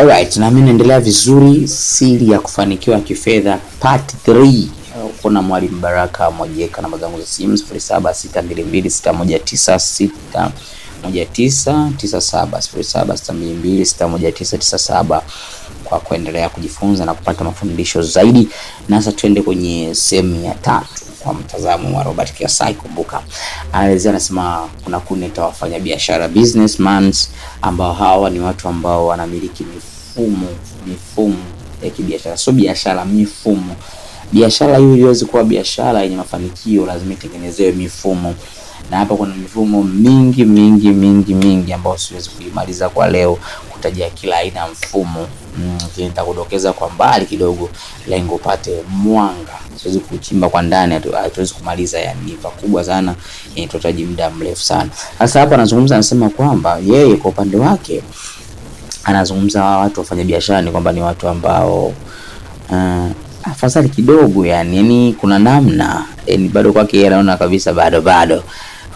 Alright, na mimi naendelea vizuri, siri ya kufanikiwa kifedha part 3. Kuna mwalimu Baraka Mwajeka, namba zangu za simu 0762619619 0762261997 kwa kuendelea kujifunza na kupata mafundisho zaidi. Na sasa tuende kwenye sehemu ya tatu kwa mtazamo wa Robert Kiyosaki. Kumbuka anaelezea anasema, kuna kundi la wafanyabiashara businessmen, ambao hawa ni watu ambao wanamiliki mifumo mifumo ya kibiashara, sio biashara, mifumo Biashara hiyo iweze kuwa biashara yenye mafanikio, lazima itengenezewe mifumo, na hapa kuna mifumo mingi mingi mingi mingi ambayo siwezi kuimaliza kwa leo kutaja kila aina ya mfumo mm, lakini mm, nitakudokeza kwa mbali kidogo, lengo upate mwanga. Siwezi kuchimba kwa ndani, hatuwezi kumaliza, yani ni kubwa sana, inahitaji muda mrefu sana. Sasa hapa anazungumza, anasema kwamba yeye kwa upande wake anazungumza watu wafanya biashara ni kwamba ni watu ambao uh, afadhali kidogo yani, yani kuna namna yani, bado kwake anaona kabisa bado bado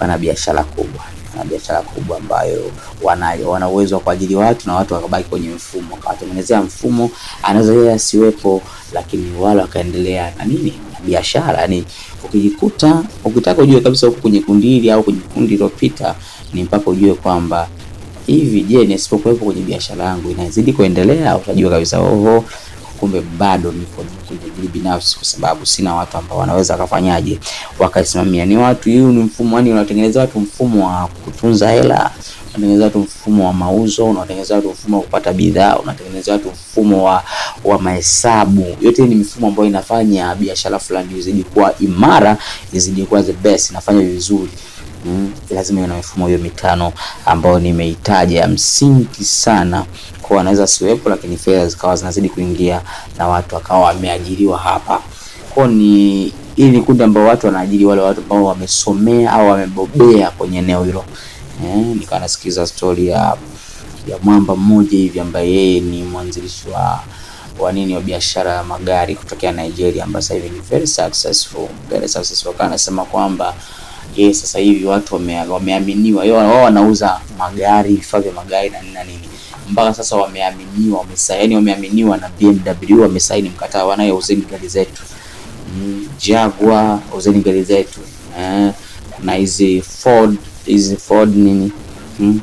wana biashara kubwa na biashara kubwa ambayo wanayo, wana uwezo wa kuajiri watu na watu wakabaki kwenye mfumo, akawatengenezea mfumo, anaweza yeye asiwepo, lakini wale wakaendelea na nini na biashara. Yani ukijikuta ukitaka ujue kabisa huko kwenye kundi hili au kwenye kundi lilopita, ni mpaka ujue kwamba hivi, je, nisipokuwepo kwenye biashara yangu inazidi kuendelea? Utajua kabisa oho, kumbe bado niko akili binafsi, kwa sababu sina watu ambao wanaweza wakafanyaje wakaisimamia. Ni watu hiyo, ni mfumo yani, unatengeneza watu mfumo wa kutunza hela, unatengeneza watu mfumo wa mauzo, unatengeneza watu mfumo wa kupata bidhaa, unatengeneza watu mfumo wa, wa mahesabu. Yote ni mifumo ambayo inafanya biashara fulani izidi kuwa imara, izidi kuwa the best, inafanya vizuri mm, lazima iwe na mifumo hiyo mitano ambayo nimeitaja ya msingi sana kwa anaweza siwepo, lakini fedha zikawa zinazidi kuingia na watu wakawa wameajiriwa hapa kwa ni hii ni kundi ambao watu wanaajiri wale watu ambao wamesomea au wamebobea kwenye eneo hilo. Eh, nikawa nasikiza story ya ya mwamba mmoja hivi ambaye yeye ni mwanzilishi wa wa nini wa biashara ya magari kutokea Nigeria ambaye sasa hivi ni very successful, very successful. Kana anasema kwamba ye sasa hivi watu wame, wameaminiwa wao wanauza magari vifaa vya magari na nini na nini mpaka sasa wameaminiwa wamesaini yaani wameaminiwa na BMW wamesaini mkataba wanayo uzeni gari zetu Jaguar uzeni gari zetu eh, na hizi Ford hizi Ford nini hmm,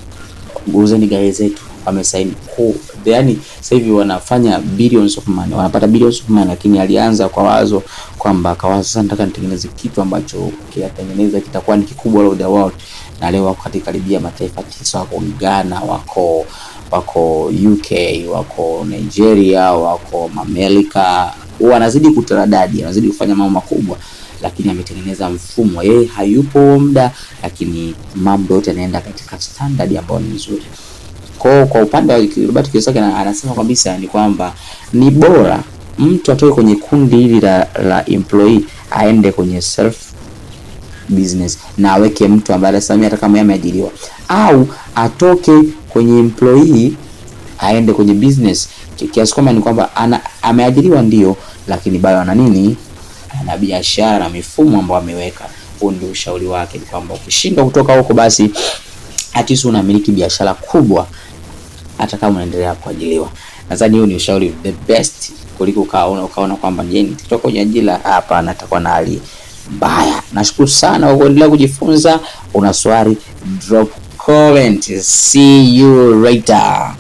uzeni gari zetu wamesign ku yani, sasa hivi wanafanya billions of money, wanapata billions of money, lakini alianza kwa wazo kwamba kawaza, sasa nataka nitengeneze kitu ambacho kiatengeneza kitakuwa ni kikubwa all the world. Na leo wako katika karibia mataifa tisa, wako Ghana, wako wako UK, wako Nigeria, wako Amerika, wanazidi kutaradadi, wanazidi kufanya mambo makubwa lakini ametengeneza mfumo yeye hayupo muda, lakini mambo yote yanaenda katika standard ambayo ni nzuri. Kwa kwa upande wa Robert Kiyosaki anasema kabisa ni kwamba ni bora mtu atoke kwenye kundi hili la, la employee aende kwenye self business na aweke mtu ambaye anasimamia hata kama ameajiriwa, au atoke kwenye employee aende kwenye business, kiasi kwamba ni kwamba ameajiriwa ndio, lakini bado ana nini, ana biashara na mifumo ambayo ameweka. Huo ndio ushauri wake, ni kwamba ukishindwa kutoka huko, basi ati unamiliki biashara kubwa hata kama unaendelea kuajiliwa. Nadhani hiyo ni ushauri the best kuliko ukaona ukaona kwamba je, nitoka kwenye ajira hapa natakuwa na hali mbaya. Nashukuru sana kwa kuendelea kujifunza. Una swali, drop comment. See you later.